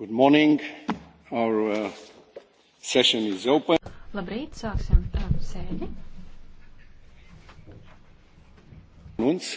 Good morning. Our uh, session is open. Labrīt, sāksim um, sēdi. Mums.